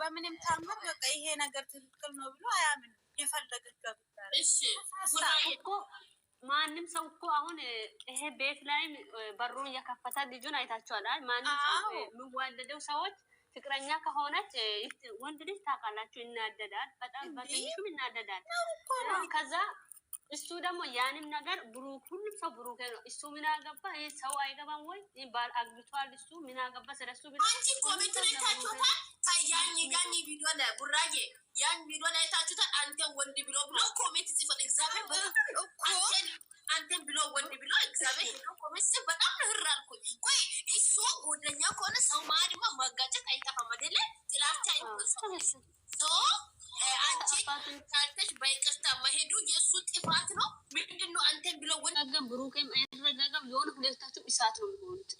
በምንም ታምር በቃ ይሄ ነገር ትክክል ነው ብሎ አያምን። የፈለገ እኮ ማንም ሰው እኮ አሁን ይሄ ቤት ላይም በሩን እየከፈተ ልጁን አይታችኋል። ማንም ሰው ሰዎች ፍቅረኛ ከሆነች ወንድ ልጅ ታውቃላችሁ፣ ይናደዳል። በጣም በትንሹም ይናደዳል። ከዛ እሱ ደግሞ ያንም ነገር ብሩክ ሁሉም ሰው ብሩክ ነው። እሱ ምን አገባ? ይህ ሰው አይገባም ወይ ባል አግብቷል። እሱ ምን አገባ? ስለሱ አንቺ ኮሜንት ላይ ታችሁታል። ያን ያን ቪዲዮ ላይ ቡራዬ ያን ቪዲዮ ላይ ታችሁታል። አንተ ወንድ ብሎ ብሎ ኮሜንት ጽፏል። እግዚአብሔር አንተን ብሎ ወንድ ብሎ እግዚአብሔር ኮሜንት በጣም ምህራል እንስሳት ነው የሚሆኑት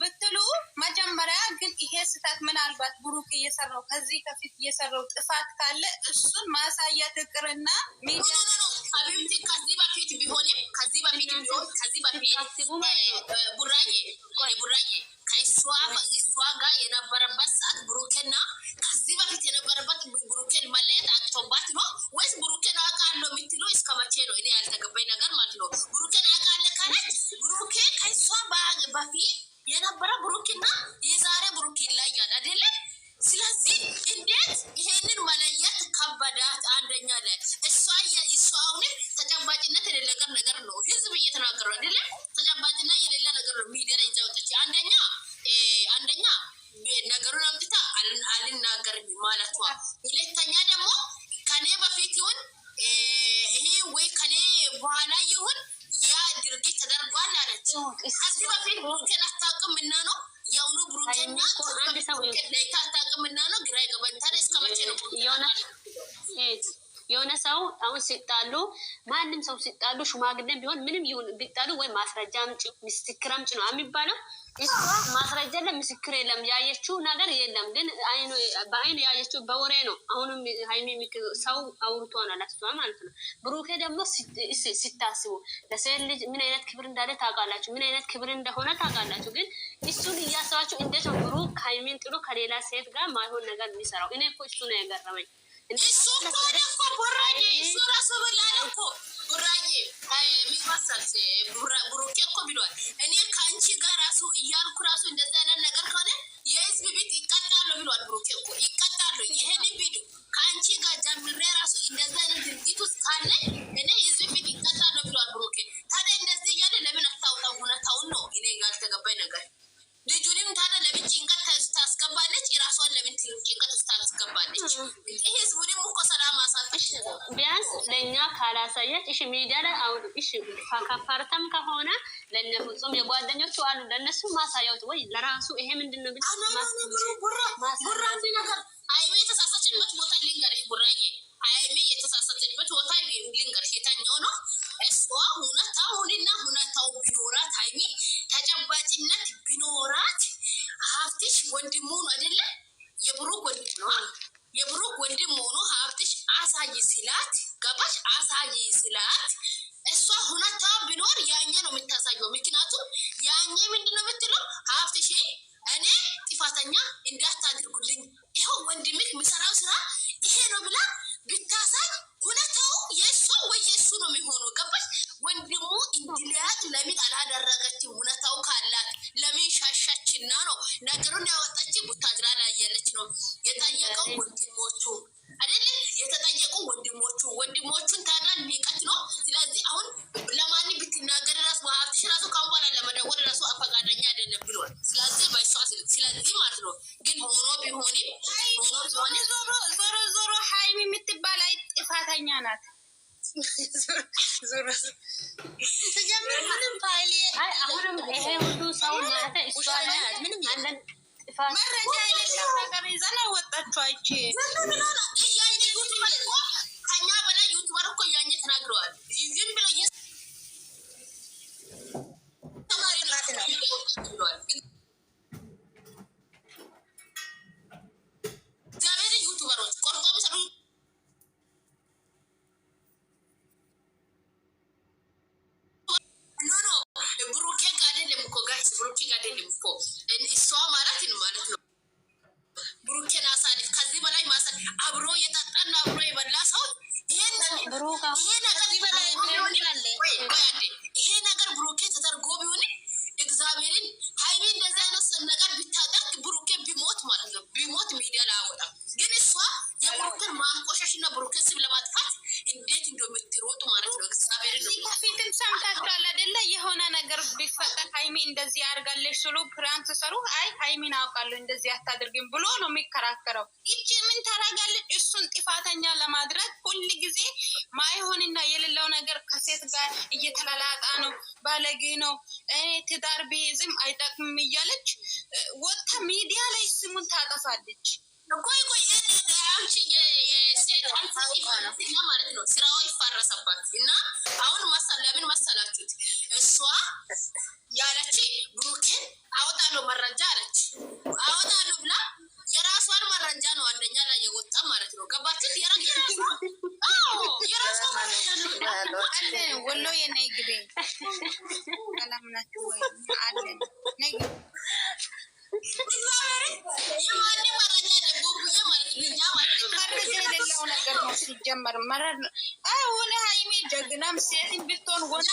ብትሉ መጀመሪያ ግን ይሄ ስህተት ምናልባት ብሩክ እየሰራው ከዚህ ከፊት እየሰራው ጥፋት ካለ እሱን ማሳየት እቅርና ከዚህ በፊት ቢሆንም ከዚህ በፊት ቢሆን ከዚህ በፊት ቡራዬ ቡራዬ ከእሷ እሷ ጋር የነበረበት ሰዓት ብሩኬና ከዚህ በፊት የነበረበት ብሩኬን መለየት አቅቶባት ነው ወይስ ብሩኬን አውቃለሁ የምትለው እስከ መቼ ነው? እኔ ያልተገባኝ ነገር ማለት ነው ብሩኬን ሁለተኛ ደግሞ ከኔ በፊት ይሁን ይሄ ወይ ከኔ በኋላ ይሁን ያ ድርጊት ተደርጓል አለች። ከዚህ በፊት ብሩኬን አታውቅም እና ነው የአሁኑ ለይታ አታውቅም እና ነው ግራ እስከ መቼ ነው የሆነ ሰው አሁን ሲጣሉ ማንም ሰው ሲጣሉ ሽማግሌም ቢሆን ምንም ቢጣሉ ወይ ማስረጃ አምጪ ምስክር አምጪ ነው የሚባለው። ማስረጃ የለም፣ ምስክር የለም፣ ያየችው ነገር የለም። ግን በአይኑ ያየችው በወሬ ነው። አሁንም ሀይሚ ሰው አውርቶ ነው ለሷ ማለት ነው። ብሩኬ ደግሞ ሲታስቡ ለሴት ልጅ ምን አይነት ክብር እንዳለ ታውቃላችሁ፣ ምን አይነት ክብር እንደሆነ ታውቃላችሁ። ግን እሱን እያሰባችሁ እንዴት ነው ብሩክ ሀይሚን ጥሎ ከሌላ ሴት ጋር ማይሆን ነገር የሚሰራው? እኔ እኮ እሱ ነው የገረመኝ። እሱ እኮ እኮ ቦራዬ እሱ ራሱ ብላ እኮ ቡራዬ ሚዋሳል ብሩኬ እኮ ብሏል። እኔ ከአንቺ ጋር ራሱ እያልኩ ራሱ እንደዚህ አይነት አሳያች። እሺ ሚዲያ ላይ አውሉ። እሺ ከፓርታም ከሆነ ለእነ ፍጹም የጓደኞቹ አሉ ለነሱ ማሳያት ወይ ለራሱ ይሄ ምንድን ነው? የተሳሳችበት ቦታ ልንገርሽ፣ ቡራዬ አይሚ የተሳሳችበት ቦታ የተኛው ነው እሷ ሁነታው ቢኖራት አይሚ ተጨባጭነት ቢኖራት ሀብትሽ ወንድሙ አይደለ የብሩክ ወንድም ነው የብሩክ ወንድም ሆኖ ሀብትሽ አሳይ ሲላት ገባሽ አሳይ ስላት እሷ ሁነታ ቢኖር ያኘ ነው የምታሳየው። ምክንያቱም ያኘ ምንድን ነው የምትለው ሀብትሽ እኔ ጥፋተኛ እንዳታድርጉልኝ ይኸው ወንድምህ ምሰራው ስራ ይሄ ነው ብላ ብታሳይ ሁነታው የእሷ ወይ የእሱ ነው የሚሆኑ ገባሽ ወንድሙ እንዲለያት ለምን አላደረገችም? ሁነታው ካላት ለምን ሻሻችና ነው ነገሩን ያወጣች ቡታጅራ ላየለች ነው የጠየቀው ወንድ ማለት ነው። ግን ሆኖ ቢሆንም ዞሮ ዞሮ ሀይሚ የምትባል አይ ጥፋተኛ ናት። ምንም ጥፋት መረጃ የሌለው ነገር ይዘን አወጣችኋች ከብሩኬ ጋር አይደለም እኮ እሷ ማለት ማለት ነው። ብሩኬን አሳልፍ ከዚህ በላይ ማሳልፍ አብሮ የጠጣና አብሮ የበላ ሰው ይሄ ነገር አታደርግም ብሎ ነው የሚከራከረው። ይቺ ምን ታደርጋለች? እሱን ጥፋተኛ ለማድረግ ሁል ጊዜ ማይሆንና የሌለው ነገር ከሴት ጋር እየተላላጣ ነው፣ ባለጌ ነው፣ ትዳር ቢይዝም አይጠቅምም እያለች ወጥታ ሚዲያ ላይ ስሙን ታጠፋለች። ቆይ ቆይ አንቺ ማለት ነው ስራዋ ይፈረሰባት እና አሁን ለምን መሰላችሁት እሷ ያለች ብሩኬን አወጣለሁ መረጃ አለች። ሲጀመር መረር ነው። አሁን ሀይሜ ጀግናም ሴትም ብትሆን ወንድ